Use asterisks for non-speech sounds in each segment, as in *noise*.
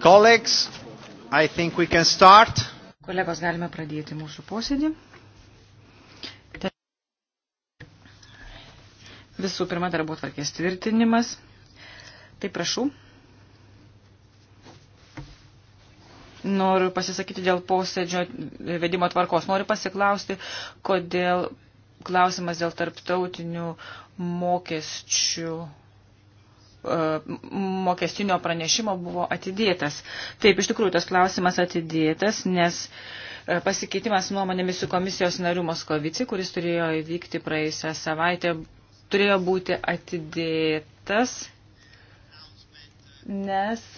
Colleagues, I think we can start. Kolegos, galime pradėti mūsų posėdį. Visų pirma, darbo tvarkės tvirtinimas. Tai prašau. Noriu pasisakyti dėl posėdžio vedimo tvarkos. Noriu pasiklausti, kodėl klausimas dėl tarptautinių mokesčių E, mokestinio pranešimo buvo atidėtas. Taip, iš tikrųjų, tas klausimas atidėtas, nes e, pasikeitimas nuomonėmis su komisijos nariu Moskovici, kuris turėjo įvykti praėjusią savaitę, turėjo būti atidėtas, nes.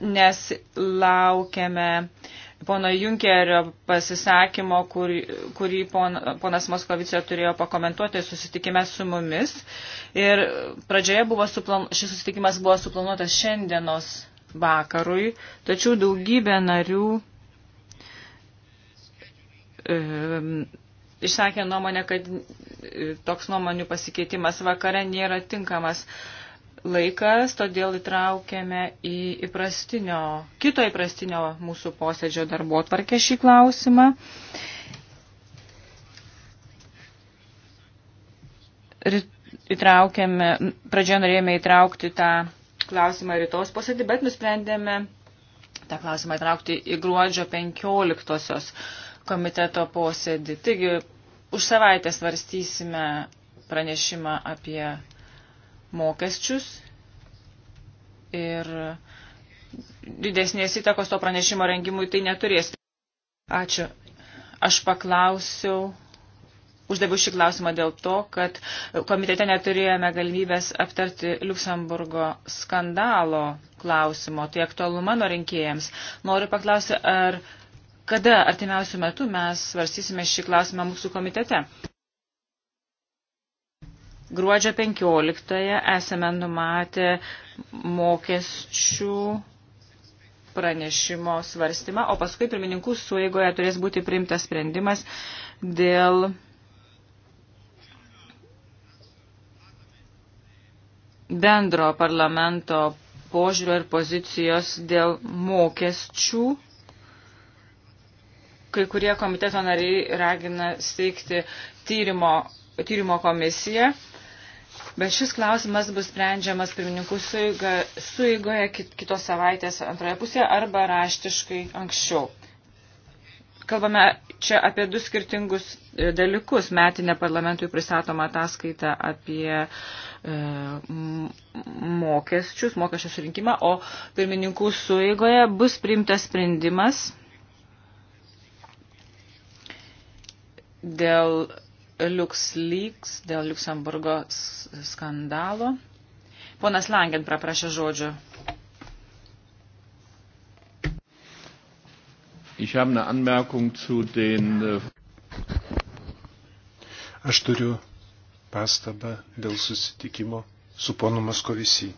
Nes laukiame pono Junkerio pasisakymo, kur, kurį pon, ponas Moskovicija turėjo pakomentuoti susitikime su mumis. Ir pradžioje buvo suplan, šis susitikimas buvo suplanuotas šiandienos vakarui, tačiau daugybė narių e, išsakė nuomonę, kad e, toks nuomonių pasikeitimas vakare nėra tinkamas. E, laikas, todėl įtraukėme į įprastinio, kito įprastinio mūsų posėdžio darbo tvarkę šį klausimą. Ir įtraukėme, pradžioje norėjome įtraukti tą klausimą rytos posėdį, bet nusprendėme tą klausimą įtraukti į gruodžio 15 komiteto posėdį. Taigi, už savaitę svarstysime pranešimą apie mokesčius ir didesnės įtakos to pranešimo rengimui tai neturės. Ačiū. Aš paklausiau, uždaviau šį klausimą dėl to, kad komitete neturėjome galimybės aptarti Luxemburgo skandalo klausimo, tai aktualu mano rinkėjams. Noriu paklausti, ar kada artimiausių metų mes svarstysime šį klausimą mūsų komitete. Gruodžio 15 esame numatę mokesčių pranešimo svarstymą, o paskui pirmininkų sueigoje turės būti priimtas sprendimas dėl bendro parlamento požiūrio ir pozicijos dėl mokesčių. Kai kurie komiteto nariai ragina steigti tyrimo, tyrimo komisiją Bet šis klausimas bus sprendžiamas pirmininkų suigoje kitos savaitės antroje pusėje arba raštiškai anksčiau. Kalbame čia apie du skirtingus e, dalykus. Metinę parlamentui pristatomą ataskaitą apie e, mokesčius, mokesčių surinkimą, o pirmininkų suigoje bus priimtas sprendimas dėl LuxLeaks, dėl Luxemburgo skandalo. Ponas Langen paprašė žodžio. Ich habe eine Anmerkung zu den. Äh, Aš turiu pastabą dėl susitikimo su ponu Moskovisi.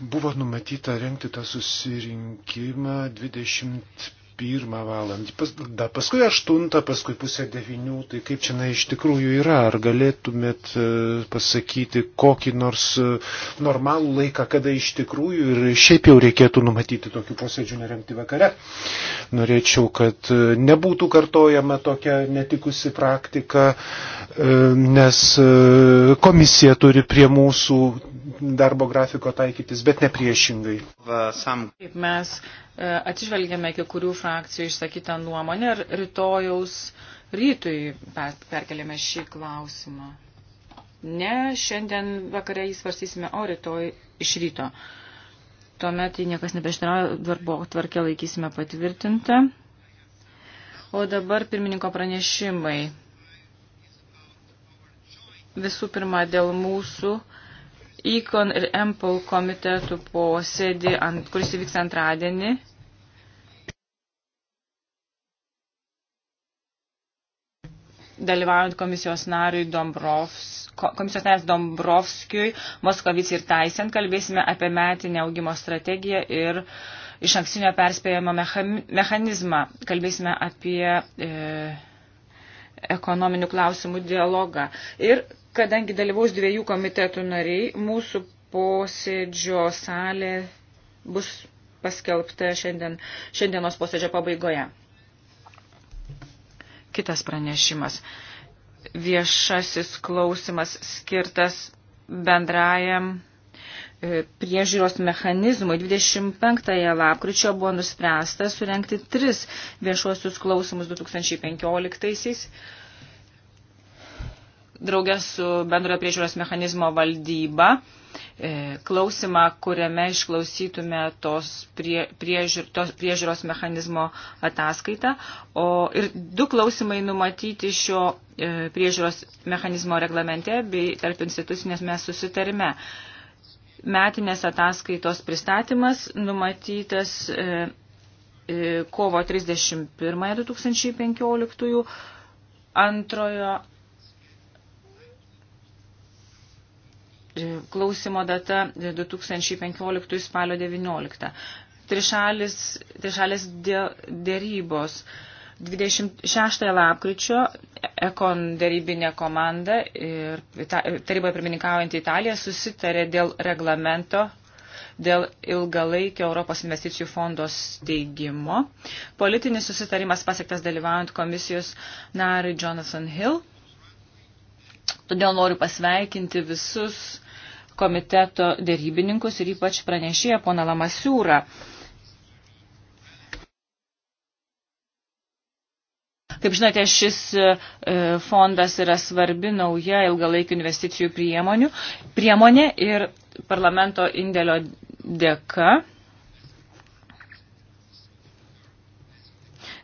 Buvo numatyta renkti tą susirinkimą 25 pirmą valandą, pas, da, paskui aštuntą, paskui pusę devinių, tai kaip čia na, iš tikrųjų yra, ar galėtumėt e, pasakyti kokį nors e, normalų laiką, kada iš tikrųjų ir šiaip jau reikėtų numatyti tokių posėdžių neremti vakare. Norėčiau, kad e, nebūtų kartojama tokia netikusi praktika, e, nes e, komisija turi prie mūsų darbo grafiko taikytis, bet ne priešingai. Taip mes e, atsižvelgėme iki kurių frakcijų išsakytą nuomonę ir rytojaus rytui perkeliame šį klausimą. Ne, šiandien vakare jį svarstysime, o rytoj iš ryto. Tuomet, jei niekas neprieštarauja, darbo tvarkę laikysime patvirtintą. O dabar pirmininko pranešimai. Visų pirma, dėl mūsų Ikon ir Empel komitetų posėdį, ant, kuris įvyks antradienį. Dalyvaujant komisijos nariui Dombrovs, komisijos narės Dombrovskijui, Moskovic ir Taisen kalbėsime apie metinę augimo strategiją ir iš anksinio perspėjimo mechanizmą. Kalbėsime apie e, ekonominių klausimų dialogą. Ir Kadangi dalyvaus dviejų komitetų nariai, mūsų posėdžio salė bus paskelbta šiandien, šiandienos posėdžio pabaigoje. Kitas pranešimas. Viešasis klausimas skirtas bendrajam e, priežiūros mechanizmui. 25 lapkričio buvo nuspręsta surenkti tris viešuosius klausimus 2015. -aisiais draugės su bendrojo priežiūros mechanizmo valdyba e, klausimą, kuriame išklausytume tos, prie, priežiūr, tos priežiūros mechanizmo ataskaitą. O, ir du klausimai numatyti šio e, priežiūros mechanizmo reglamente bei tarp institucinės mes susitarime. Metinės ataskaitos pristatymas numatytas e, e, kovo 31 2015 antrojo E, klausimo data 2015 e, spalio 19. Trišalis, trišalis dėrybos. 26 lapkričio Ekon dėrybinė komanda ir taryboje pirmininkaujant Italija susitarė dėl reglamento dėl ilgalaikio Europos investicijų fondo steigimo. Politinis susitarimas pasiektas dalyvaujant komisijos nariui Jonathan Hill Todėl noriu pasveikinti visus komiteto dėrybininkus ir ypač pranešėją poną Lamasiūrą. Kaip žinote, šis e, fondas yra svarbi nauja ilgalaikių investicijų priemonių, priemonė ir parlamento indėlio dėka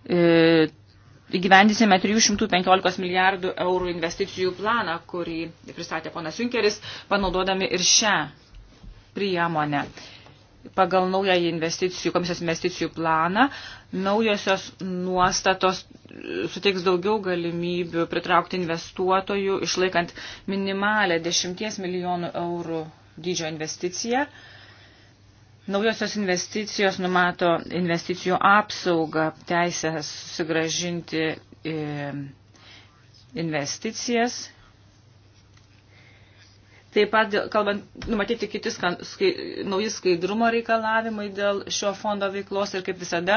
e, įgyvendysime 315 milijardų eurų investicijų planą, kurį pristatė ponas Junkeris, panaudodami ir šią priemonę. Pagal naują investicijų, komisijos investicijų planą naujosios nuostatos suteiks daugiau galimybių pritraukti investuotojų, išlaikant minimalę 10 milijonų eurų dydžio investiciją. Uh, Naujosios investicijos numato investicijų apsaugą, teisę susigražinti e, investicijas. Taip pat, kalbant, numatyti kiti skai, nauji skaidrumo reikalavimai dėl šio fondo veiklos ir kaip visada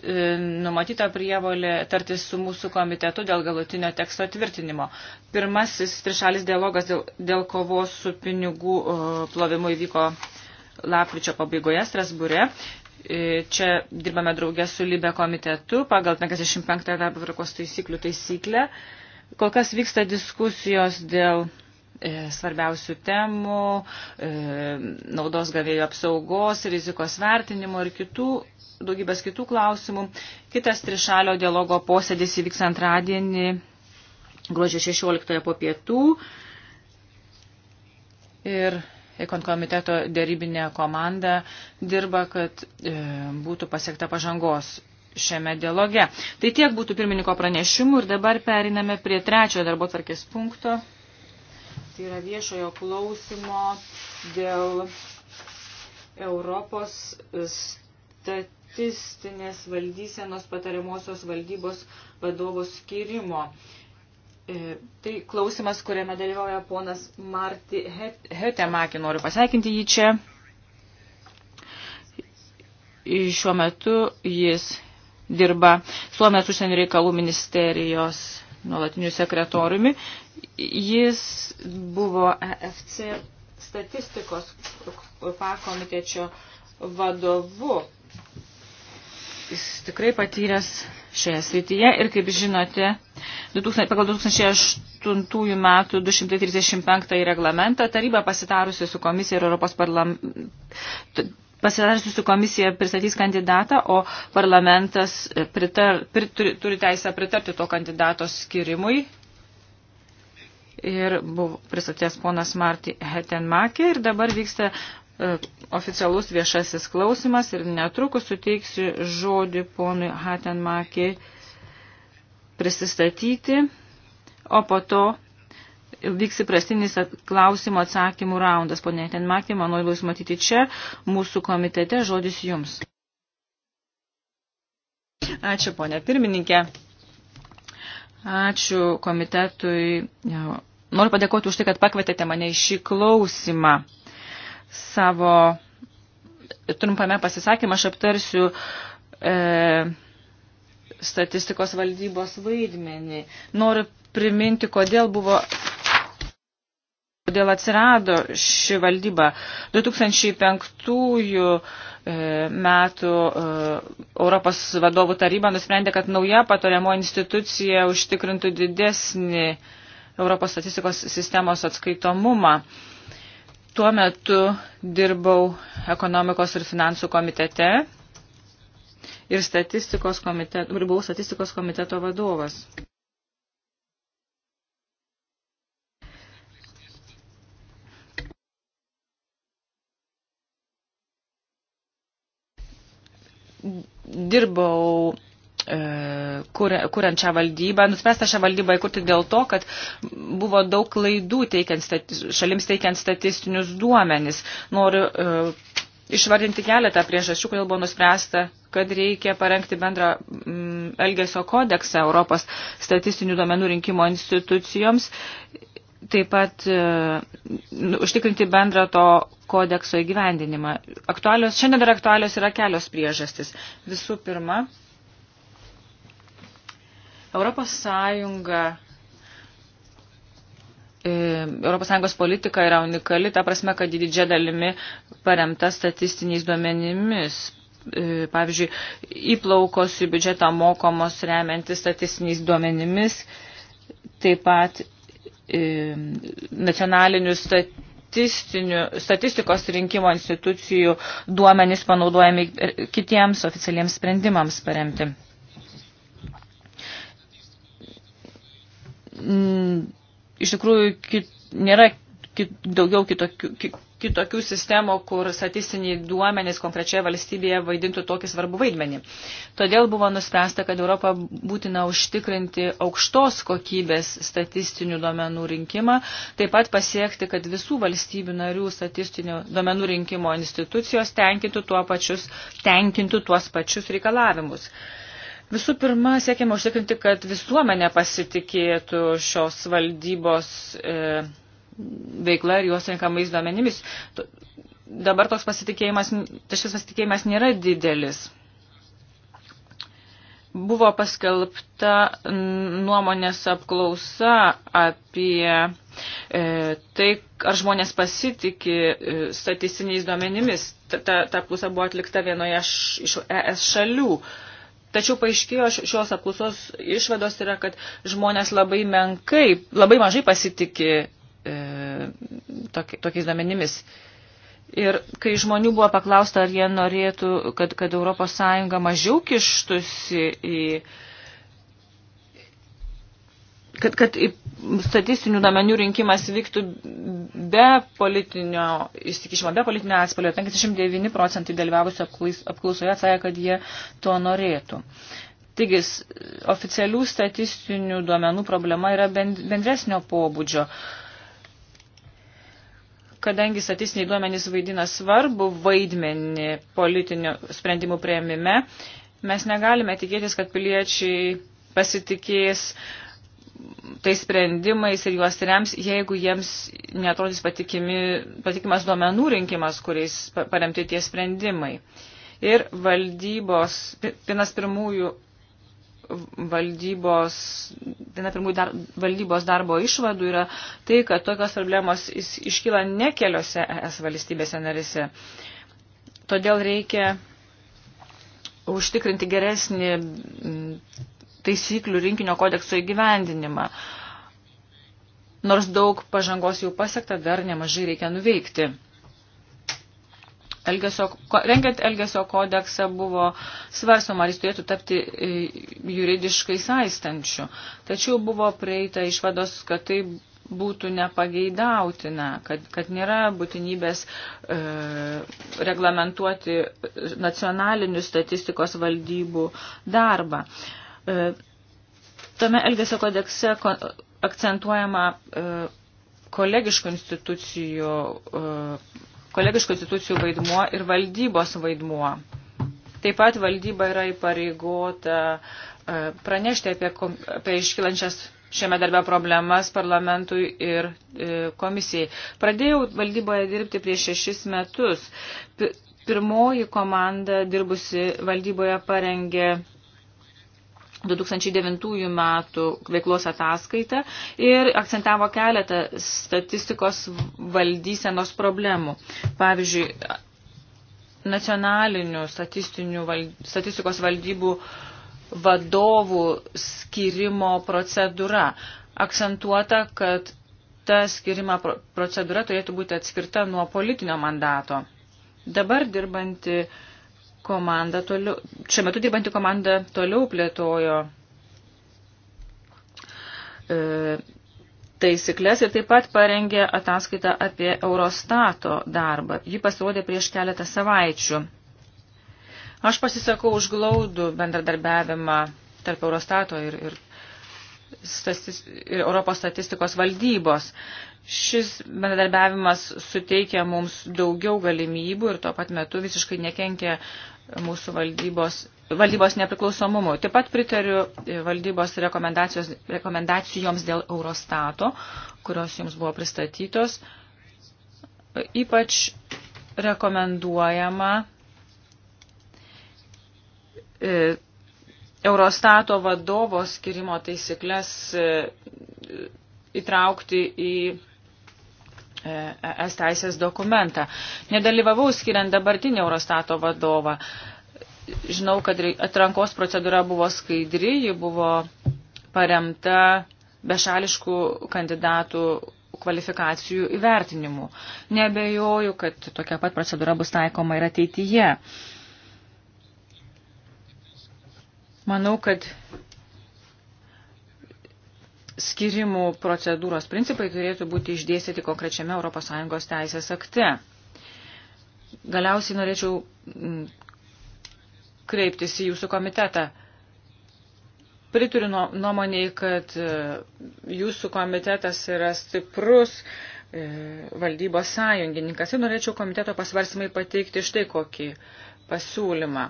e, numatyta prievolė tartis su mūsų komitetu dėl galutinio teksto tvirtinimo. Pirmasis trišalis dialogas dėl, dėl kovos su pinigų plovimu įvyko lapkričio pabaigoje Strasbūre. E, čia dirbame draugė su Libe komitetu pagal 55 darbo tvarkos taisyklių taisyklę. Kol kas vyksta diskusijos dėl e, svarbiausių temų, e, naudos gavėjų apsaugos, rizikos vertinimo ir kitų, daugybės kitų klausimų. Kitas trišalio dialogo posėdis įvyks antradienį gruodžio 16 po pietų. Ir konkomiteto dėrybinė komanda dirba, kad e, būtų pasiekta pažangos šiame dialoge. Tai tiek būtų pirmininko pranešimų ir dabar periname prie trečiojo darbo tvarkės punkto. Tai yra viešojo klausimo dėl Europos statistinės valdysenos patariamosios valdybos vadovos skirimo. E, tai klausimas, kuriame dalyvauja ponas Marti Hetemakį. Noriu pasveikinti jį čia. Šiuo metu jis dirba Suomės užsienio reikalų ministerijos nuolatiniu sekretoriumi. Jis buvo EFC statistikos pakomitečio vadovu. Jis tikrai patyręs šioje srityje ir, kaip žinote, 2000, pagal 2008 metų 235 reglamentą taryba pasitarusi su komisija ir Europos parlamentu pasitariusi su komisija pristatys kandidatą, o parlamentas pritar, prit, turi, turi teisę pritarti to kandidato skirimui. Ir buvo pristatęs ponas Marti Hetenmakė ir dabar vyksta oficialus viešasis klausimas ir netrukus suteiksiu žodį ponui Hatenmakį prisistatyti, o po to vyks įprastinis klausimų atsakymų raundas. Pone Hatenmakį, manau, jūs matyti čia, mūsų komitete, žodis jums. Ačiū, ponė pirmininkė. Ačiū komitetui. Noriu padėkoti už tai, kad pakvietėte mane į šį klausimą savo trumpame pasisakymą aš aptarsiu e, statistikos valdybos vaidmenį. Noriu priminti, kodėl buvo. Kodėl atsirado ši valdyba? 2005 e, metų e, Europos vadovų taryba nusprendė, kad nauja patariamo institucija užtikrintų didesnį Europos statistikos sistemos atskaitomumą. E, Tuo metu dirbau ekonomikos ir finansų komitete ir statistikos komiteto, ir buvau statistikos komiteto vadovas. Dirbau E, kuriant šią valdybą. Nuspręsta šią valdybą įkurti dėl to, kad buvo daug klaidų teikiant, šalims teikiant statistinius duomenis. Noriu e, išvardinti keletą priežasčių, kodėl buvo nuspręsta, kad reikia parengti bendrą mm, elgesio kodeksą Europos statistinių duomenų rinkimo institucijoms. Taip pat e, užtikrinti bendrą to kodekso įgyvendinimą. Aktualios, šiandien dar aktualios yra kelios priežastis. Visų pirma, Europos Sąjunga ES politika yra unikali, ta prasme, kad didžia dalimi paremta statistiniais duomenimis. E, pavyzdžiui, įplaukos į biudžetą mokomos remiantis statistiniais duomenimis, taip pat e, nacionalinių statistikos rinkimo institucijų duomenys panaudojami kitiems oficialiems sprendimams paremti. m, mm, iš tikrųjų kit, nėra kit, daugiau kitokių, kit, kitokių sistemų, kur statistiniai duomenys konkrečioje valstybėje vaidintų tokį svarbų vaidmenį. Todėl buvo nuspręsta, kad Europą būtina užtikrinti aukštos kokybės statistinių duomenų rinkimą, taip pat pasiekti, kad visų valstybių narių statistinių duomenų rinkimo institucijos tenkintų, tuo pačius, tenkintų tuos pačius reikalavimus. Visų pirma, siekiama užtikrinti, kad visuomenė pasitikėtų šios valdybos e, veikla ir juos renkamais duomenimis. Dabar toks pasitikėjimas, šis pasitikėjimas nėra didelis. Buvo paskelbta nuomonės apklausa apie e, tai, ar žmonės pasitikė e, statistiniais duomenimis. Ta, ta, ta apklausa buvo atlikta vienoje š, iš ES šalių. E, Tačiau paaiškėjo šios apklausos išvados yra, kad žmonės labai menkai, labai mažai pasitikė e, tokiais domenimis. Ir kai žmonių buvo paklausta, ar jie norėtų, kad, kad ES mažiau kištusi į. E, kad, kad statistinių duomenių rinkimas vyktų be politinio įsikišimo, be politinio atspalio. 59 procentai dalyvavusių apklausoje atsakė, kad jie to norėtų. Taigi, oficialių statistinių duomenų problema yra bendresnio pobūdžio. Kadangi statistiniai duomenys vaidina svarbu vaidmenį politinių sprendimų prieimime, mes negalime tikėtis, kad piliečiai pasitikės uh, tais sprendimais ir juos rems, jeigu jiems netrodys patikimi, patikimas duomenų rinkimas, kuriais paremti tie sprendimai. Ir valdybos, vienas pirmųjų valdybos, viena pirmųjų dar, valdybos darbo išvadų yra tai, kad tokios problemos iškyla ne keliose ES valstybėse narise. Todėl reikia užtikrinti geresnį taisyklių rinkinio kodekso įgyvendinimą. Nors daug pažangos jau pasiekta, dar nemažai reikia nuveikti. Elgesio, rengiant Elgesio kodeksą buvo svarstoma, ar jis turėtų tapti e, juridiškai saistančiu. Tačiau buvo prieita išvados, kad tai būtų nepageidautina, kad, kad nėra būtinybės e, reglamentuoti nacionalinių statistikos valdybų darbą. E, E, tame Elgesio kodekse akcentuojama e, kolegiškų institucijų, e, kolegiškų institucijų vaidmuo ir valdybos vaidmuo. Taip pat valdyba yra įpareigota pranešti apie, apie iškilančias šiame darbe problemas parlamentui ir komisijai. Pradėjau valdyboje dirbti prieš šešis metus. Pirmoji komanda dirbusi valdyboje parengė 2009 metų veiklos ataskaitą ir akcentavo keletą statistikos valdysenos problemų. Pavyzdžiui, nacionalinių val, statistikos valdybų vadovų skirimo procedūra. Akcentuota, kad ta skirima procedūra turėtų būti atskirta nuo politinio mandato. Dabar dirbanti uh, komanda toliau, šiuo metu dirbanti komanda toliau plėtojo e, taisyklės ir taip pat parengė ataskaitą apie Eurostato darbą. Ji pasirodė prieš keletą savaičių. Aš pasisakau už glaudų bendradarbiavimą tarp Eurostato ir, ir, statis, ir Europos statistikos valdybos. Šis bendradarbiavimas suteikia mums daugiau galimybių ir tuo pat metu visiškai nekenkia mūsų valdybos, valdybos nepriklausomumui. Taip pat pritariu e, valdybos rekomendacijoms dėl Eurostato, kurios jums buvo pristatytos. E, ypač rekomenduojama e, Eurostato vadovo skirimo taisyklės įtraukti į ES teisės dokumentą. Nedalyvavau skiriant dabartinį Eurostato vadovą. Žinau, kad atrankos procedūra buvo skaidri, ji buvo paremta bešališkų kandidatų kvalifikacijų įvertinimu. Nebejoju, kad tokia pat procedūra bus taikoma ir ateityje. Manau, kad skirimų procedūros principai turėtų būti išdėstyti konkrečiame ES teisės akte. Galiausiai norėčiau mm, kreiptis į jūsų komitetą. Prituriu nuomonėj, kad e, jūsų komitetas yra stiprus e, valdybos sąjungininkas ir norėčiau komiteto pasvarsimai pateikti štai kokį pasiūlymą.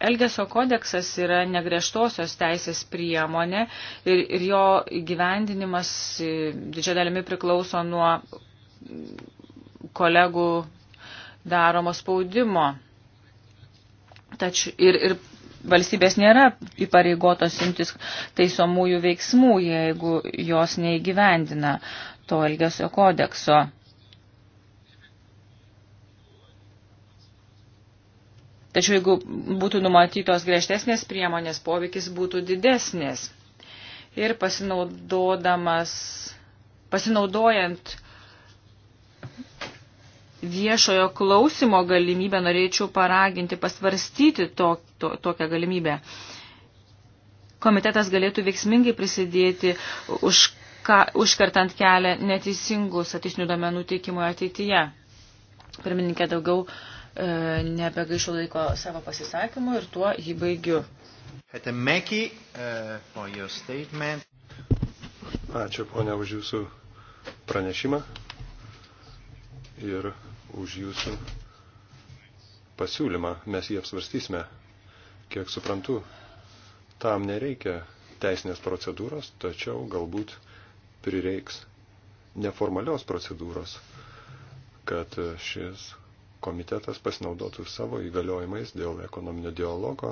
Elgesio kodeksas yra negreštosios teisės priemonė ir, ir jo gyvendinimas e, didžia dalimi priklauso nuo kolegų daromo spaudimo. Tačiau ir, ir valstybės nėra įpareigotos imtis taisomųjų veiksmų, jeigu jos neįgyvendina to Elgesio kodekso. Tačiau jeigu būtų numatytos griežtesnės priemonės, poveikis būtų didesnės. Ir pasinaudodamas, pasinaudojant viešojo klausimo galimybę, norėčiau paraginti pasvarstyti to, to, tokią galimybę. Komitetas galėtų veiksmingai prisidėti už, ka, užkartant kelią neteisingų statistinių domenų teikimui ateityje. Pirmininkė daugiau uh, E, nebegaišu laiko savo pasisakymu ir tuo jį baigiu. Hetemeki, e, Ačiū ponia už jūsų pranešimą ir už jūsų pasiūlymą. Mes jį apsvarstysime. Kiek suprantu, tam nereikia teisinės procedūros, tačiau galbūt prireiks neformalios procedūros, kad šis komitetas pasinaudotų savo įgaliojimais dėl ekonominio dialogo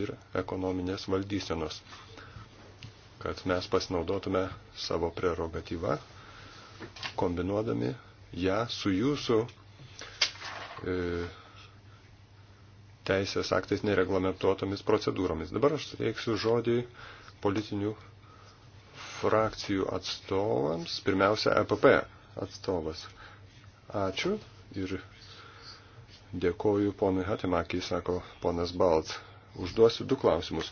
ir ekonominės valdysenos, kad mes pasinaudotume savo prerogatyvą, kombinuodami ją su jūsų e, teisės aktais nereglamentuotomis procedūromis. Dabar aš suteiksiu žodį politinių frakcijų atstovams, pirmiausia, EPP atstovas. Ačiū ir Dėkoju ponui Hatimakiai, sako ponas Balts. Užduosiu du klausimus.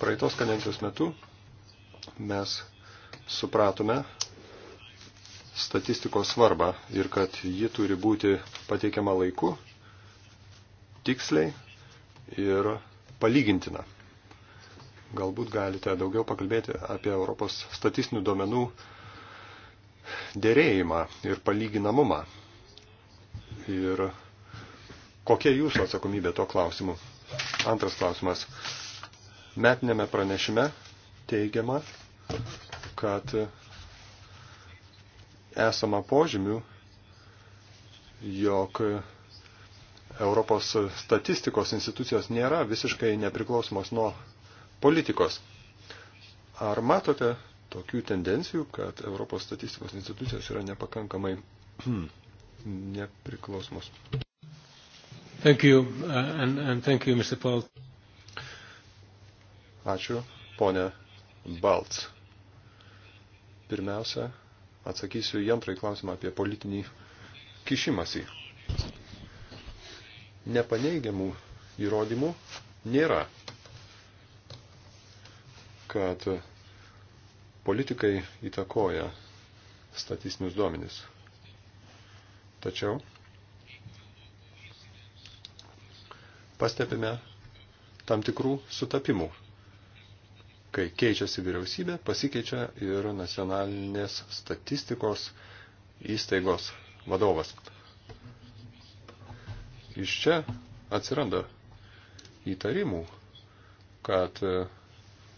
Praeitos kadencijos metu mes supratome statistikos svarbą ir kad ji turi būti pateikiama laiku, tiksliai ir palygintina. Galbūt galite daugiau pakalbėti apie Europos statistinių duomenų dėrėjimą ir palyginamumą. Ir Kokia jūsų atsakomybė to klausimu? Antras klausimas. Metinėme pranešime teigiama, kad esama požymių, jog Europos statistikos institucijos nėra visiškai nepriklausomos nuo politikos. Ar matote tokių tendencijų, kad Europos statistikos institucijos yra nepakankamai *clears throat* nepriklausomos? Thank you, uh, and, and thank you, Mr. Paul. Ačiū, ponė Balts. Pirmiausia, atsakysiu į antrąjį klausimą apie politinį kišimąsi. Nepaneigiamų įrodymų nėra, kad politikai įtakoja statistinius duomenis. Tačiau pastebime tam tikrų sutapimų. Kai keičiasi vyriausybė, pasikeičia ir nacionalinės statistikos įstaigos vadovas. Iš čia atsiranda įtarimų, kad e,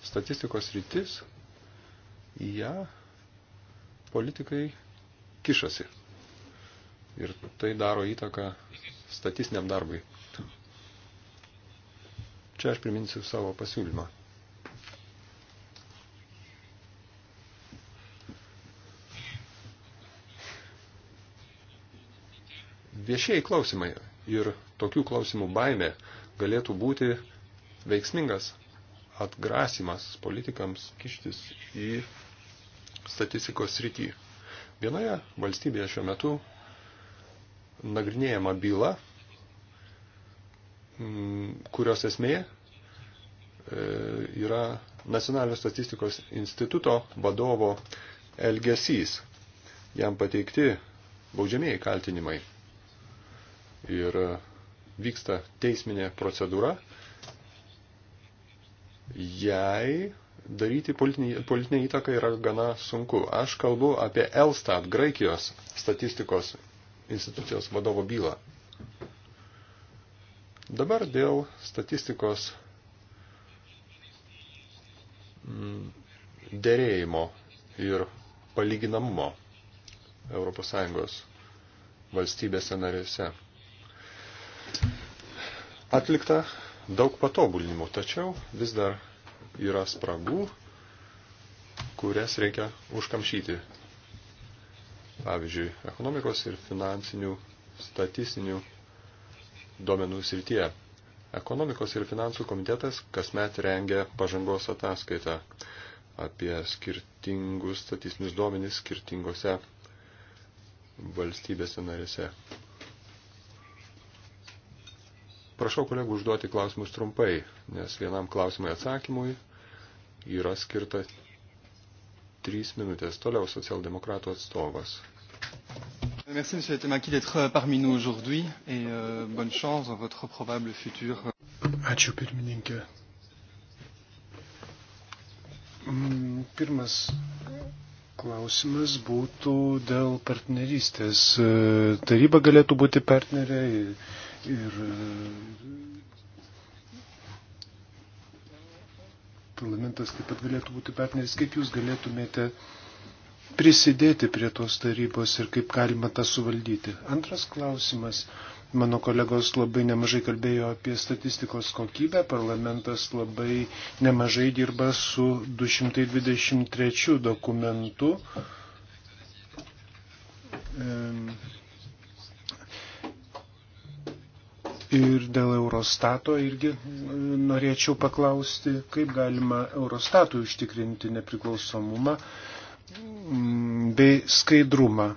statistikos rytis į ją politikai kišasi. Ir tai daro įtaką statistiniam darbui. Čia aš priminsiu savo pasiūlymą. Viešieji klausimai ir tokių klausimų baimė galėtų būti veiksmingas atgrasimas politikams kištis į statistikos srity. Vienoje valstybėje šiuo metu nagrinėjama byla Mm, kurios esmė e, yra Nacionalinio statistikos instituto vadovo elgesys. Jam pateikti baudžiamieji kaltinimai ir vyksta teisminė procedūra, jai daryti politinį, politinę įtaką yra gana sunku. Aš kalbu apie Elstat, Graikijos statistikos institucijos vadovo bylą. Dabar dėl statistikos mm, dėrėjimo ir palyginamumo ES valstybėse narėse. Atlikta daug patobulinimų, tačiau vis dar yra spragų, kurias reikia užkamšyti. Pavyzdžiui, ekonomikos ir finansinių statistinių duomenų srityje. Ekonomikos ir finansų komitetas kasmet rengia pažangos ataskaitą apie skirtingus statistinius duomenys skirtingose valstybėse narėse. Prašau kolegų užduoti klausimus trumpai, nes vienam klausimui atsakymui yra skirta trys minutės. Toliau socialdemokratų atstovas. Merci, Monsieur Temaki, d'être euh, parmi nous aujourd'hui et euh, bonne chance dans votre probable futur. Ačiū, pirmininkė. Mm, pirmas klausimas būtų dėl partnerystės. E, taryba galėtų būti partnerė ir e, parlamentas taip pat galėtų būti partneris. Kaip jūs galėtumėte uh, prisidėti prie tos tarybos ir kaip galima tą suvaldyti. Antras klausimas. Mano kolegos labai nemažai kalbėjo apie statistikos kokybę, parlamentas labai nemažai dirba su 223 dokumentu. Ir dėl Eurostato irgi norėčiau paklausti, kaip galima Eurostatui užtikrinti nepriklausomumą bei skaidrumą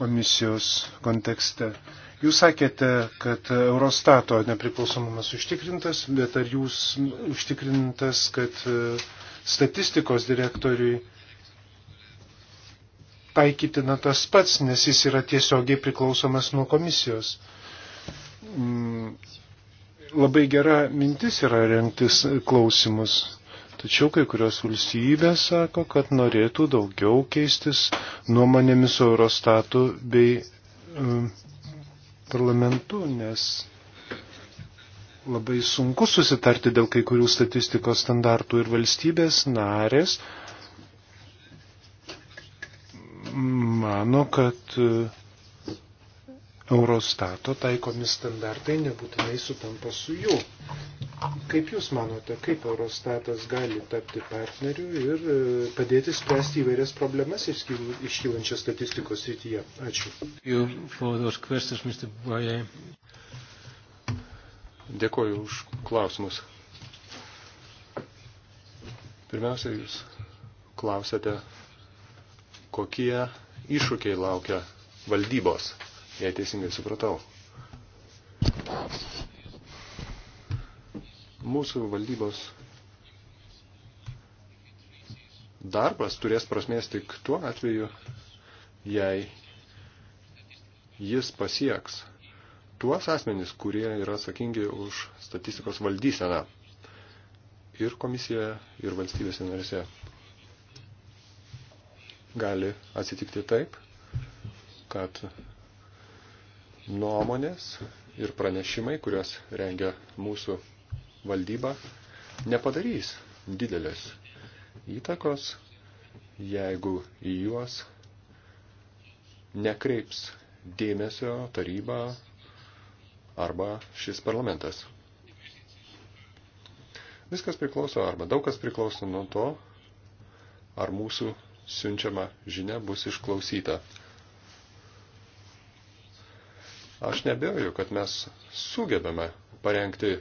komisijos kontekste. Jūs sakėte, kad Eurostato nepriklausomumas užtikrintas, bet ar jūs užtikrintas, kad e, statistikos direktoriui taikytina tas pats, nes jis yra tiesiogiai priklausomas nuo komisijos? Mm, labai gera mintis yra rengtis klausimus. Tačiau kai kurios valstybės sako, kad norėtų daugiau keistis nuomonėmis su Eurostatu bei um, parlamentu, nes labai sunku susitarti dėl kai kurių statistikos standartų ir valstybės narės mano, kad e, Eurostato taikomi standartai nebūtinai sutampa su jų. Kaip Jūs manote, kaip Eurostatas gali tapti partneriu ir e, padėti spręsti įvairias problemas iškylančias statistikos rytyje? Ačiū. Dėkoju už klausimus. Pirmiausia, Jūs klausėte, kokie iššūkiai laukia valdybos, jei teisingai supratau. mūsų valdybos darbas turės prasmės tik tuo atveju, jei jis pasieks tuos asmenys, kurie yra atsakingi už statistikos valdyseną ir komisijoje, ir valstybėse narėse. Gali atsitikti taip, kad nuomonės ir pranešimai, kuriuos rengia mūsų valdyba nepadarys didelės įtakos, jeigu į juos nekreips dėmesio taryba arba šis parlamentas. Viskas priklauso arba daug kas priklauso nuo to, ar mūsų siunčiama žinia bus išklausyta. Aš nebejoju, kad mes sugebame parengti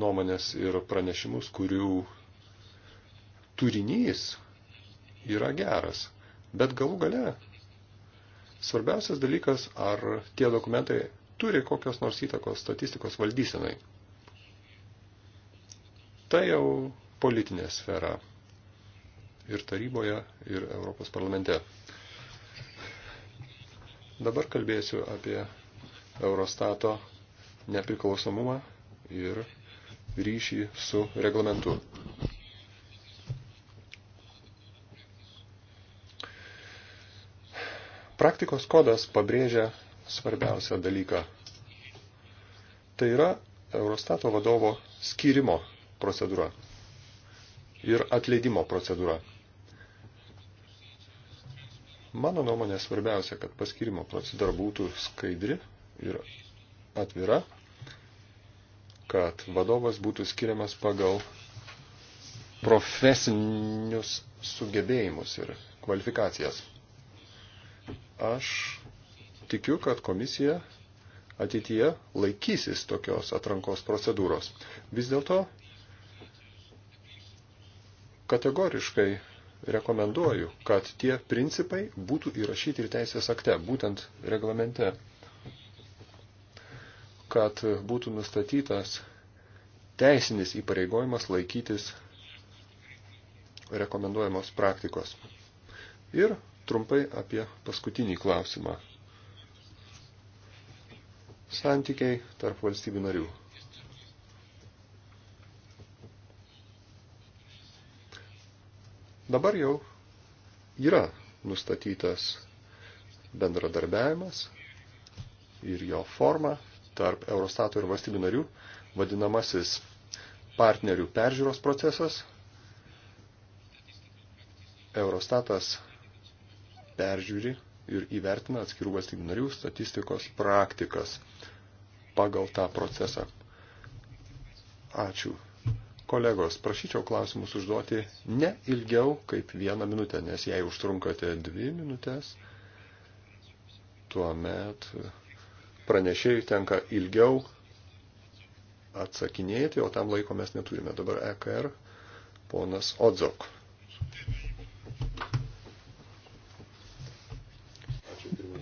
nuomonės ir pranešimus, kurių turinys yra geras. Bet galų gale svarbiausias dalykas, ar tie dokumentai turi kokios nors įtakos statistikos valdysenai. Tai jau politinė sfera ir taryboje, ir Europos parlamente. Dabar kalbėsiu apie Eurostato nepriklausomumą ir ryšį su reglamentu. Praktikos kodas pabrėžia svarbiausią dalyką. Tai yra Eurostato vadovo skirimo procedūra ir atleidimo procedūra. Mano nuomonė svarbiausia, kad paskirimo procedūra būtų skaidri ir atvira, kad vadovas būtų skiriamas pagal profesinius sugebėjimus ir kvalifikacijas. Aš tikiu, kad komisija ateityje laikysis tokios atrankos procedūros. Vis dėlto kategoriškai rekomenduoju, kad tie principai būtų įrašyti ir teisės akte, būtent reglamente kad būtų nustatytas teisinis įpareigojimas laikytis rekomenduojamos praktikos. Ir trumpai apie paskutinį klausimą. Santykiai tarp valstybių narių. Dabar jau yra nustatytas bendradarbiavimas ir jo forma tarp Eurostato ir valstybių narių, vadinamasis partnerių peržiūros procesas. Eurostatas peržiūri ir įvertina atskirų valstybių narių statistikos praktikas pagal tą procesą. Ačiū. Kolegos, prašyčiau klausimus užduoti ne ilgiau kaip vieną minutę, nes jei užtrunkate dvi minutės, tuomet pranešėjų tenka ilgiau atsakinėti, o tam laiko mes neturime. Dabar EKR ponas Odzok.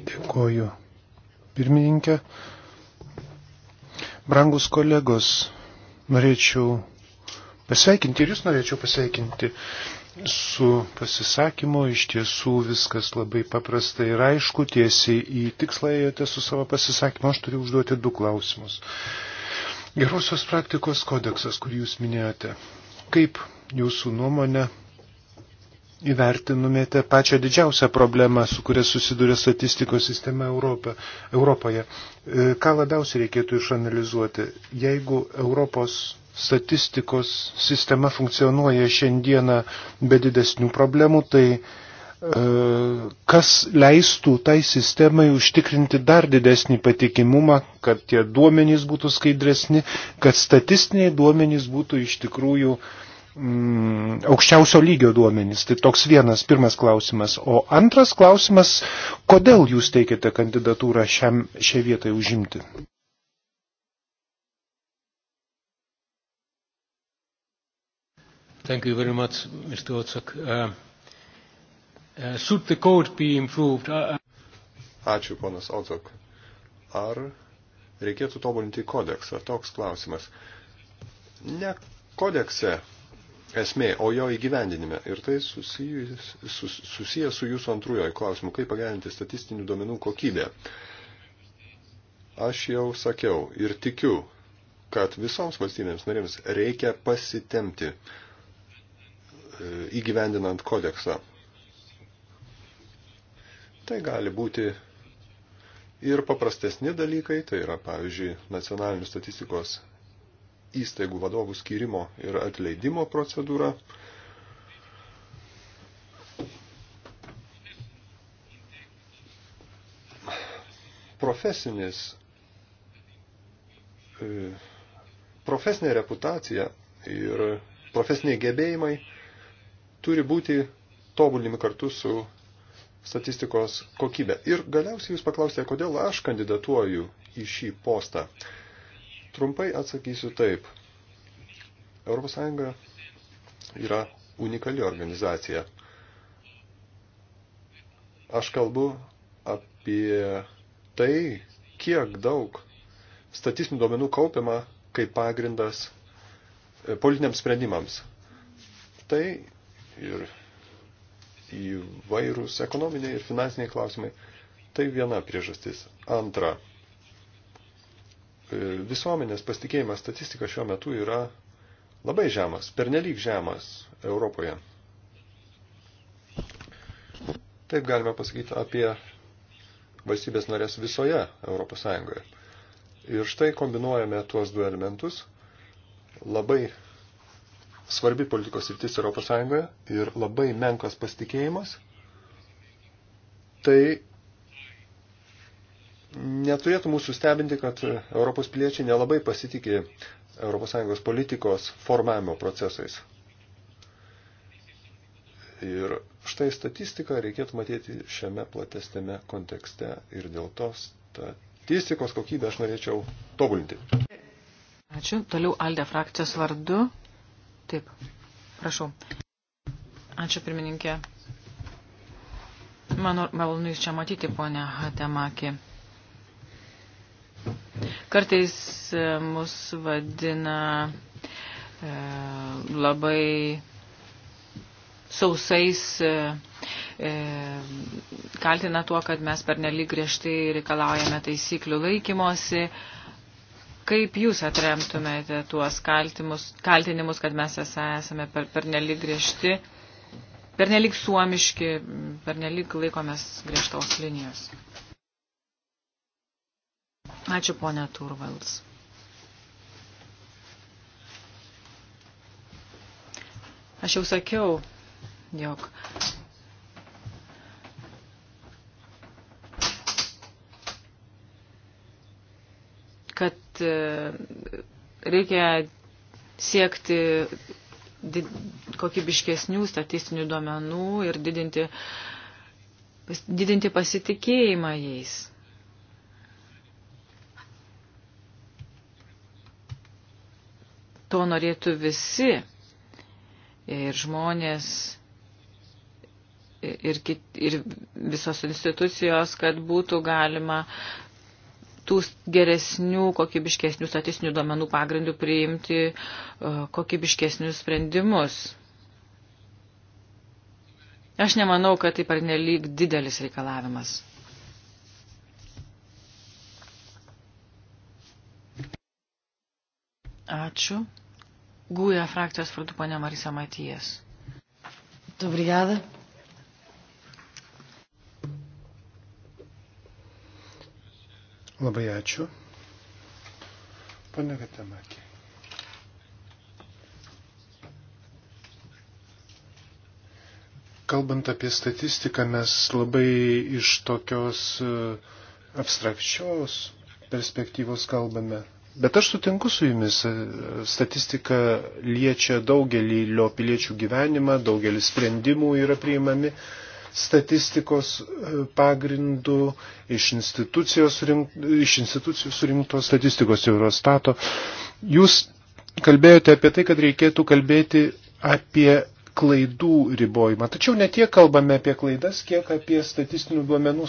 Dėkoju. Pirmininkė, brangus kolegos, norėčiau pasveikinti ir jūs norėčiau pasveikinti su pasisakymu iš tiesų viskas labai paprasta ir aišku, tiesiai į tikslą ėjote su savo pasisakymu, aš turiu užduoti du klausimus. Gerosios praktikos kodeksas, kurį jūs minėjote, kaip jūsų nuomonė įvertinumėte pačią didžiausią problemą, su kuria susiduria statistikos sistema Europą, Europoje. E, ką labiausiai reikėtų išanalizuoti, jeigu Europos statistikos sistema funkcionuoja šiandieną be didesnių problemų, tai e, kas leistų tai sistemai užtikrinti dar didesnį patikimumą, kad tie duomenys būtų skaidresni, kad statistiniai duomenys būtų iš tikrųjų mm, aukščiausio lygio duomenys. Tai toks vienas, pirmas klausimas. O antras klausimas, kodėl jūs teikiate kandidatūrą šiam, šiai vietai užimti? Thank you very much, Mr. Otsak. Uh, uh, should the code be improved? Uh, uh Ačiū, ponas Otsak. Ar reikėtų tobulinti kodeksą? Toks klausimas. Ne kodekse esmė, o jo įgyvendinime. Ir tai susijęs sus, susijęs su jūsų antrujoju klausimu, kaip pagerinti statistinių duomenų kokybę. Aš jau sakiau ir tikiu, kad visoms valstybėms narėms reikia pasitemti E, įgyvendinant kodeksą. Tai gali būti ir paprastesni dalykai, tai yra, pavyzdžiui, nacionalinių statistikos įstaigų vadovų skirimo ir atleidimo procedūra. Profesinis, e, profesinė reputacija ir profesiniai gebėjimai turi būti tobulinami kartu su statistikos kokybė. Ir galiausiai jūs paklausėte, kodėl aš kandidatuoju į šį postą. Trumpai atsakysiu taip. ES yra unikali organizacija. Aš kalbu apie tai, kiek daug statistinių duomenų kaupiama kaip pagrindas e, politiniams sprendimams. Tai ir įvairūs ekonominiai ir finansiniai klausimai. Tai viena priežastis. Antra, e, visuomenės pasitikėjimas statistika šiuo metu yra labai žemas, pernelyg žemas Europoje. Taip galime pasakyti apie valstybės narės visoje Europos Sąjungoje. Ir štai kombinuojame tuos du elementus. Labai svarbi politikos rytis Europos Sąjungoje ir labai menkas pasitikėjimas, tai neturėtų mūsų stebinti, kad Europos piliečiai nelabai pasitikė Europos Sąjungos politikos formavimo procesais. Ir štai statistiką reikėtų matyti šiame platesnėme kontekste ir dėl to statistikos kokybę aš norėčiau tobulinti. Ačiū. Toliau Alde frakcijos vardu Taip, prašau. Ačiū pirmininkė. Mano malonu jūs čia matyti, ponia Hatemaki. Kartais e, mus vadina e, labai sausais e, e, kaltina tuo, kad mes pernelyg griežtai reikalaujame taisyklių laikymosi. E, Kaip jūs atremtumėte tuos kaltimus, kaltinimus, kad mes esame per, per nelik griežti, per nelik suomiški, per nelik laikomės griežtos linijos? Ačiū, ponia Turvalds. Aš jau sakiau, jog kad e, reikia siekti kokybiškesnių statistinių duomenų ir didinti, didinti pasitikėjimą jais. To norėtų visi ir žmonės, ir, kit, ir visos institucijos, kad būtų galima tų geresnių, kokybiškesnių statistinių duomenų pagrindų priimti e, kokybiškesnius sprendimus. Aš nemanau, kad tai pernelyg didelis reikalavimas. Ačiū. Gūja frakcijos vardu ponia Marisa Matijas. Obrigada. Labai ačiū. Pane Gatamakė. Kalbant apie statistiką, mes labai iš tokios e, abstrakčios perspektyvos kalbame. Bet aš sutinku su jumis, e, statistika liečia daugelį lio piliečių gyvenimą, daugelis sprendimų yra priimami. Uh, statistikos e, pagrindų, iš, surink, iš institucijų surinktos statistikos Eurostato. Jūs kalbėjote apie tai, kad reikėtų kalbėti apie klaidų ribojimą. Tačiau ne tiek kalbame apie klaidas, kiek apie statistinių duomenų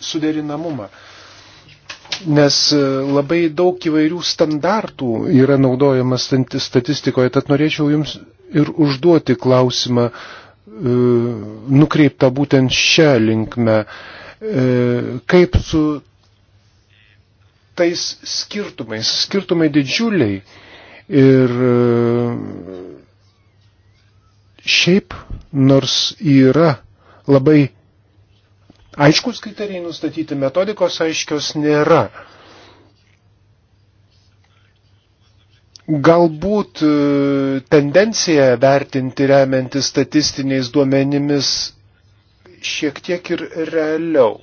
suderinamumą. Nes e, labai daug įvairių standartų yra naudojama statistikoje, tad norėčiau Jums ir užduoti klausimą, E, nukreipta būtent šią linkmę. E, kaip su tais skirtumais? Skirtumai didžiuliai. Ir e, šiaip, nors yra labai aiškus kriterijai nustatyti, metodikos aiškios nėra. Galbūt e, tendencija vertinti remiantis statistiniais duomenimis šiek tiek ir realiau.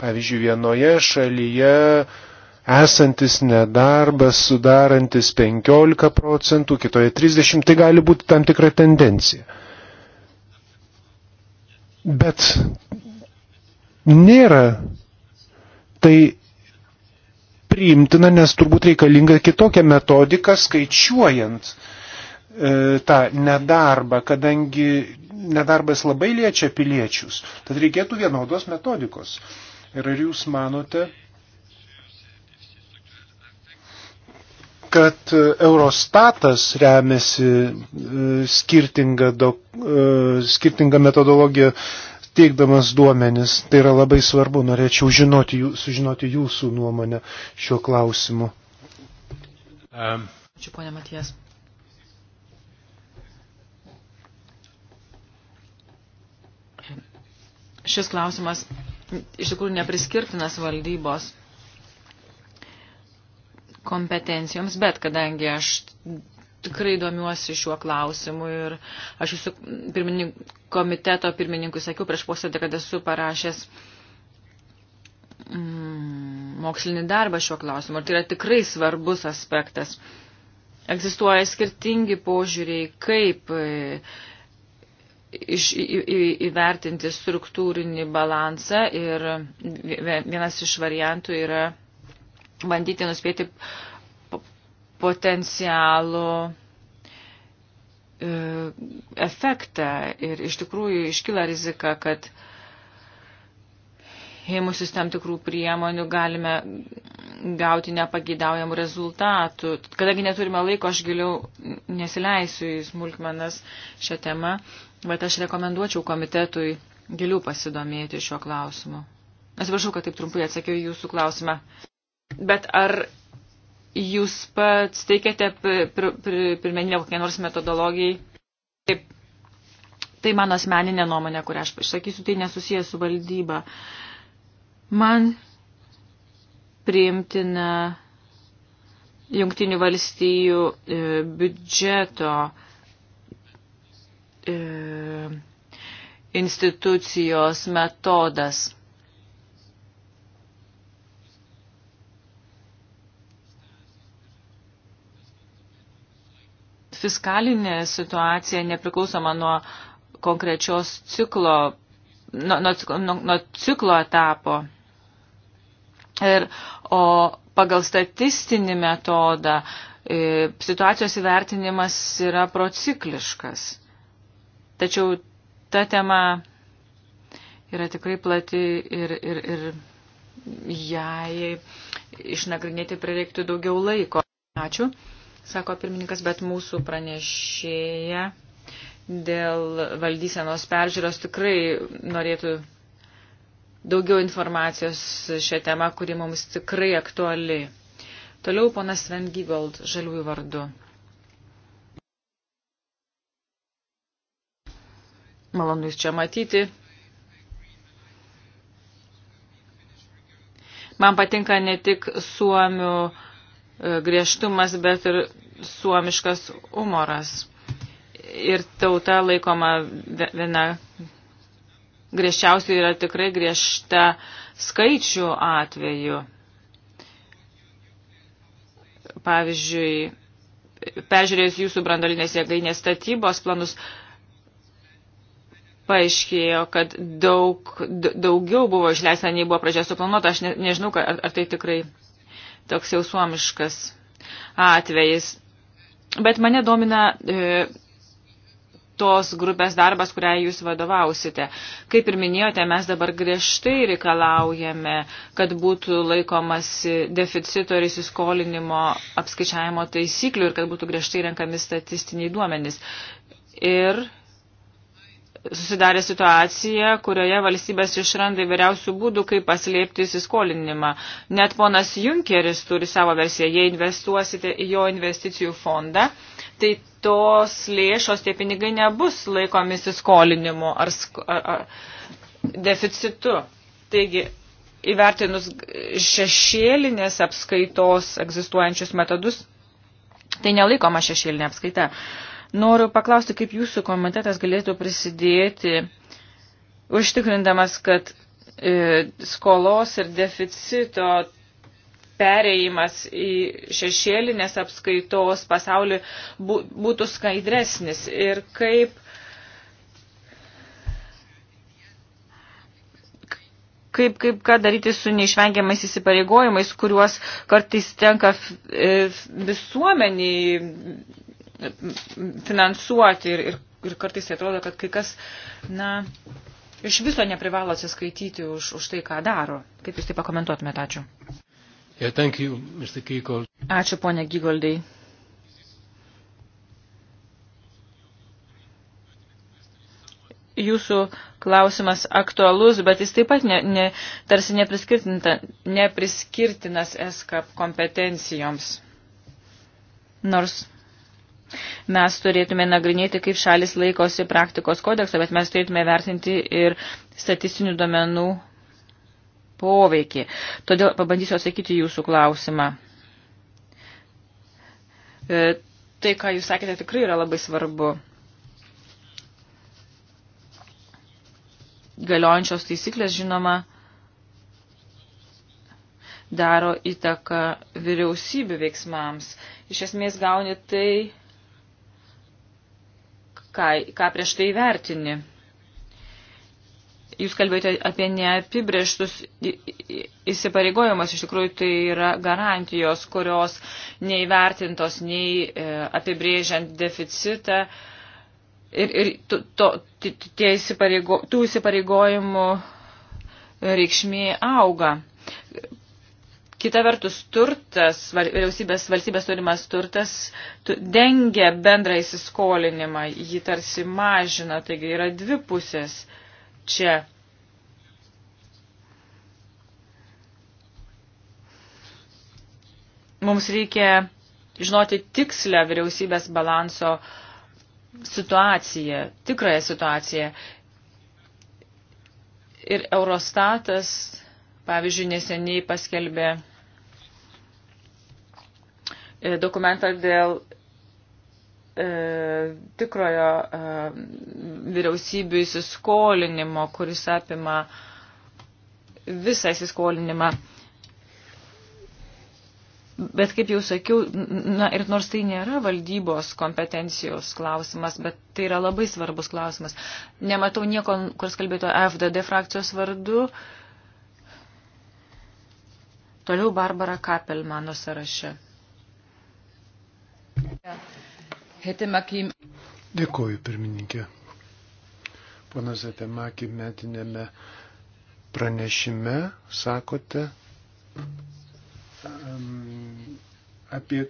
Pavyzdžiui, vienoje šalyje esantis nedarbas sudarantis 15 procentų, kitoje 30, tai gali būti tam tikra tendencija. Bet nėra tai priimtina, nes turbūt reikalinga kitokia metodika skaičiuojant e, tą nedarbą, kadangi nedarbas labai liečia piliečius. Tad reikėtų vienodos metodikos. Ir ar jūs manote, kad Eurostatas remiasi e, skirtinga, do, e, skirtinga metodologija teikdamas duomenis. Tai yra labai svarbu, norėčiau žinoti, sužinoti jūsų nuomonę šiuo klausimu. Um. Ačiū, ponė Matijas. Šis klausimas iš tikrųjų nepriskirtinas valdybos kompetencijoms, bet kadangi aš tikrai domiuosi šiuo klausimu ir aš jūsų pirminin, komiteto pirmininkui sakiau prieš posėdį, kad esu parašęs mm, mokslinį darbą šiuo klausimu. Ir tai yra tikrai svarbus aspektas. Egzistuoja skirtingi požiūriai, kaip e, iš, į, į, įvertinti struktūrinį balansą ir vienas iš variantų yra bandyti nuspėti uh, potencialų e, efektą ir iš tikrųjų iškyla rizika, kad ėmusis tam tikrų priemonių galime gauti nepageidaujamų rezultatų. Kadangi neturime laiko, aš giliau nesileisiu į smulkmenas šią temą, bet aš rekomenduočiau komitetui giliau pasidomėti šiuo klausimu. Atsiprašau, kad taip trumpai atsakiau jūsų klausimą. Bet ar jūs pats teikiate pirmeninę kokią nors metodologijai. Taip, tai mano asmeninė nuomonė, kurią aš išsakysiu, tai nesusijęs su valdyba. Man priimtina jungtinių valstijų e, biudžeto e, institucijos metodas fiskalinė situacija nepriklausoma nuo konkrečios ciklo, nuo, nuo, nuo ciklo etapo. Ir, o pagal statistinį metodą e, situacijos įvertinimas yra procikliškas. Tačiau ta tema yra tikrai plati ir, ir, ir jai išnagrinėti prireiktų daugiau laiko. Ačiū sako pirmininkas, bet mūsų pranešėja dėl valdysenos peržiūros tikrai norėtų daugiau informacijos šią temą, kuri mums tikrai aktuali. Toliau ponas Sven Gygold, žaliųjų vardu. Malonu Jūs čia matyti. Man patinka ne tik suomių E, griežtumas, bet ir suomiškas humoras. Ir tauta laikoma viena griežčiausiai yra tikrai griežta skaičių atveju. Pavyzdžiui, peržiūrėjus jūsų brandolinės jėgainės statybos planus, paaiškėjo, kad daug, daugiau buvo išleista, nei buvo pradžioje suplanuota. Aš ne, nežinau, ar, ar tai tikrai toks jau suomiškas atvejis. Bet mane domina e, tos grupės darbas, kuriai jūs vadovausite. Kaip ir minėjote, mes dabar griežtai reikalaujame, kad būtų laikomasi deficito ir įsiskolinimo apskaičiavimo taisyklių ir kad būtų griežtai renkami statistiniai duomenys. Ir susidarė situacija, kurioje valstybės išranda įvairiausių būdų, kaip paslėpti įsiskolinimą. Net ponas Junkeris turi savo versiją, jei investuosite į jo investicijų fondą, tai tos lėšos, tie pinigai nebus laikomi įsiskolinimu ar, ar, ar deficitu. Taigi, įvertinus šešėlinės apskaitos egzistuojančius metodus, tai nelaikoma šešėlinė apskaita. Uh, Noriu paklausti, kaip jūsų komitetas galėtų prisidėti, užtikrindamas, kad e, skolos ir deficito perėjimas į šešėlinės apskaitos pasaulį būtų skaidresnis ir kaip kaip, kaip ką daryti su neišvengiamais įsipareigojimais, kuriuos kartais tenka e, visuomeniai finansuoti ir, ir, ir kartais tai atrodo, kad kai kas, na, iš viso neprivalo atsiskaityti už, už tai, ką daro. Kaip jūs tai pakomentuotumėte? Ačiū. Yeah, thank you, Mr. Kikold. Ačiū, ponia Gigoldai. Jūsų klausimas aktualus, bet jis taip pat ne, ne, tarsi nepriskirtinas ESCAP kompetencijoms. Nors Mes turėtume nagrinėti, kaip šalis laikosi praktikos kodekso, bet mes turėtume vertinti ir statistinių domenų poveikį. Todėl pabandysiu atsakyti jūsų klausimą. E, tai, ką jūs sakėte, tikrai yra labai svarbu. Galiojančios taisyklės, žinoma, daro įtaką vyriausybių veiksmams. Iš esmės gauni tai, ką, ką prieš tai vertini. Jūs kalbėjote apie neapibrieštus įsipareigojimus, iš tikrųjų tai yra garantijos, kurios neįvertintos, nei e, apibrėžiant deficitą. Ir, ir to, to, įsipareigo, tų įsipareigojimų reikšmė auga. Kita vertus, turtas, vyriausybės valstybės turimas turtas dengia bendrą įsiskolinimą, jį tarsi mažina, taigi yra dvi pusės čia. Mums reikia žinoti tikslę vyriausybės balanso situaciją, tikrąją situaciją. Ir Eurostatas, pavyzdžiui, neseniai paskelbė E, dokumentą dėl e, tikrojo e, vyriausybių įsiskolinimo, kuris apima visą įsiskolinimą. Bet kaip jau sakiau, na ir nors tai nėra valdybos kompetencijos klausimas, bet tai yra labai svarbus klausimas. Nematau nieko, kuris kalbėtų FDD frakcijos vardu. Toliau Barbara Kapel mano sąraše. Dėkuoju, pirmininkė. Ponas Zetemaki metinėme pranešime sakote um, apie,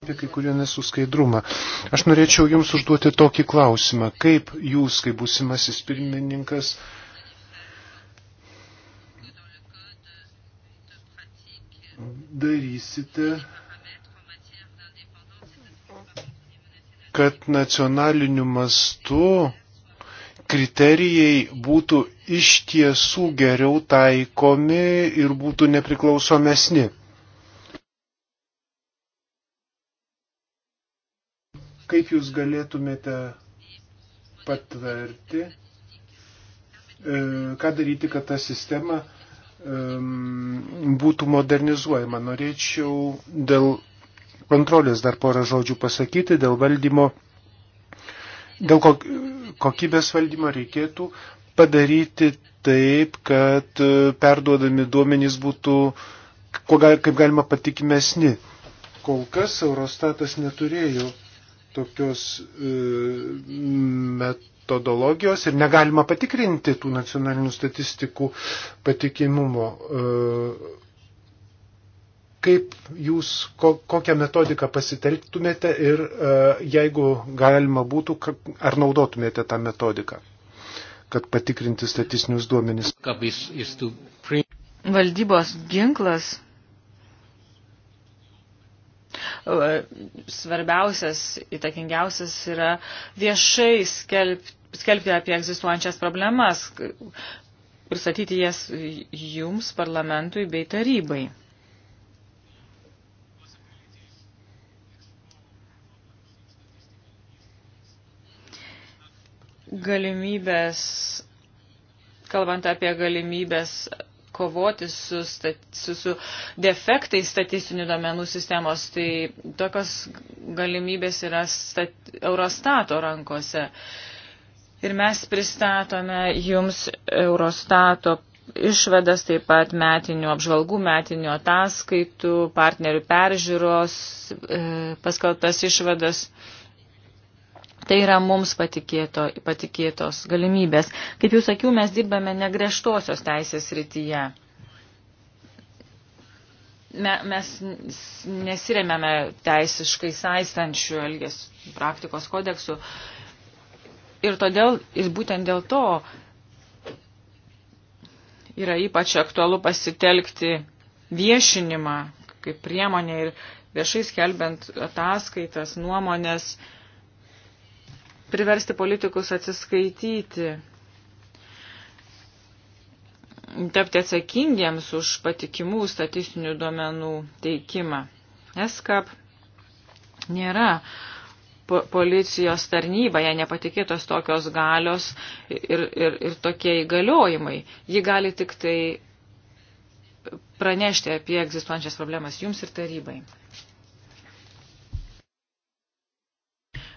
apie kai kurio nesuskaidrumą. Aš norėčiau Jums užduoti tokį klausimą. Kaip Jūs, kaip būsimasis pirmininkas, uh, darysite, kad nacionaliniu mastu kriterijai būtų iš tiesų geriau taikomi ir būtų nepriklausomesni. Kaip jūs galėtumėte patverti, e, ką daryti, kad ta sistema būtų modernizuojama. Norėčiau dėl kontrolės dar porą žodžių pasakyti, dėl valdymo, dėl kokybės valdymo reikėtų padaryti taip, kad e, perduodami duomenys būtų kaip galima patikimesni. Kol kas Eurostatas neturėjo tokios e, met metodologijos ir negalima patikrinti tų nacionalinių statistikų patikimumo. E, kaip jūs, kokią metodiką pasitelktumėte ir e, jeigu galima būtų, ar naudotumėte tą metodiką, kad patikrinti statistinius duomenis? Valdybos ginklas svarbiausias, įtakingiausias yra viešai skelbti, skelbti apie egzistuojančias problemas, pristatyti jas jums, parlamentui bei tarybai. Galimybės, kalbant apie galimybės kovoti su, su, su defektais statistinių domenų sistemos, tai tokios galimybės yra stat, Eurostato rankose. Ir mes pristatome jums Eurostato išvadas, taip pat metinių apžvalgų, metinių ataskaitų, partnerių peržiūros, e, paskaltas išvadas Tai yra mums patikėto, patikėtos galimybės. Kaip jau sakiau, mes dirbame negreštosios teisės rytyje. Me, mes nesiremėme teisiškai saistančių elgės praktikos kodeksų. Ir todėl, ir būtent dėl to yra ypač aktualu pasitelkti viešinimą kaip priemonė ir viešai skelbiant ataskaitas, nuomonės, uh, priversti politikus atsiskaityti, tapti atsakingiems už patikimų statistinių duomenų teikimą. ESCAP nėra po policijos tarnyba, jai nepatikėtos tokios galios ir, ir, ir tokie įgaliojimai. Ji gali tik tai pranešti apie egzistuojančias problemas jums ir tarybai.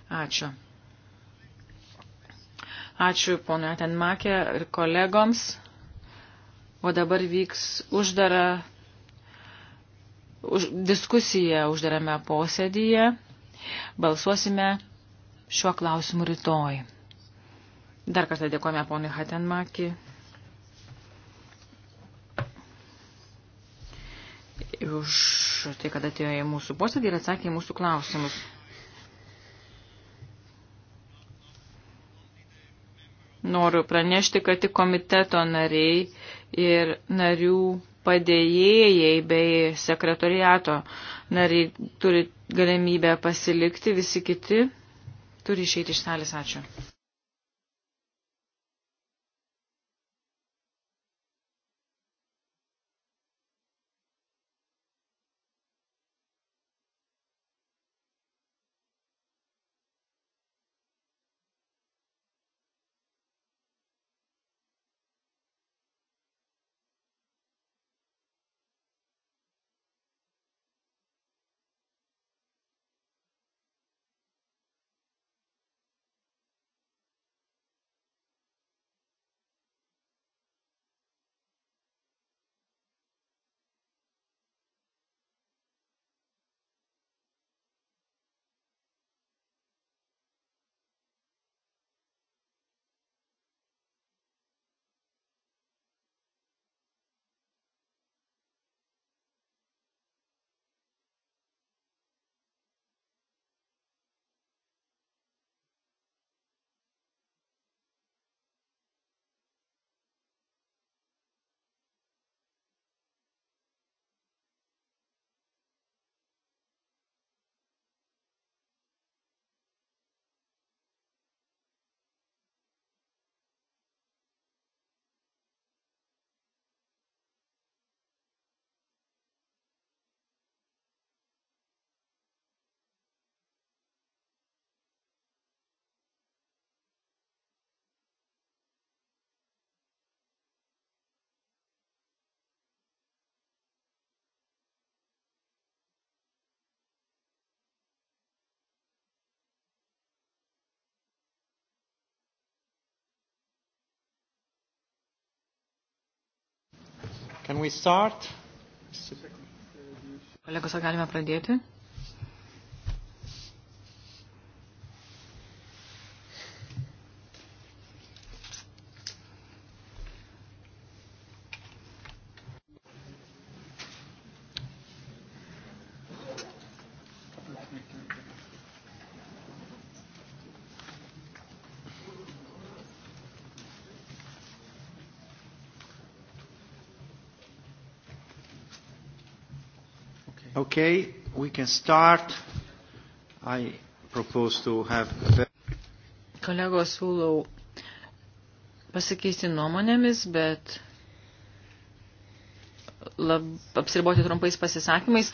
Ačiū. Ačiū ponui Atenmakė ir kolegoms. O dabar vyks uždara už, diskusija uždarame posėdyje. Balsuosime šiuo klausimu rytoj. Dar kartą dėkojame ponui Hatenmakį. Už tai, kad atėjo į mūsų posėdį ir atsakė į mūsų klausimus. Noriu pranešti, kad tik komiteto nariai ir narių padėjėjai bei sekretoriato nariai turi galimybę pasilikti, visi kiti turi išeiti iš salės. Ačiū. Can we start? Kolegos, ar galime pradėti? Okay, we can start. I propose to have... Kolegos siūlau pasikeisti nuomonėmis, bet lab, apsiriboti trumpais pasisakymais.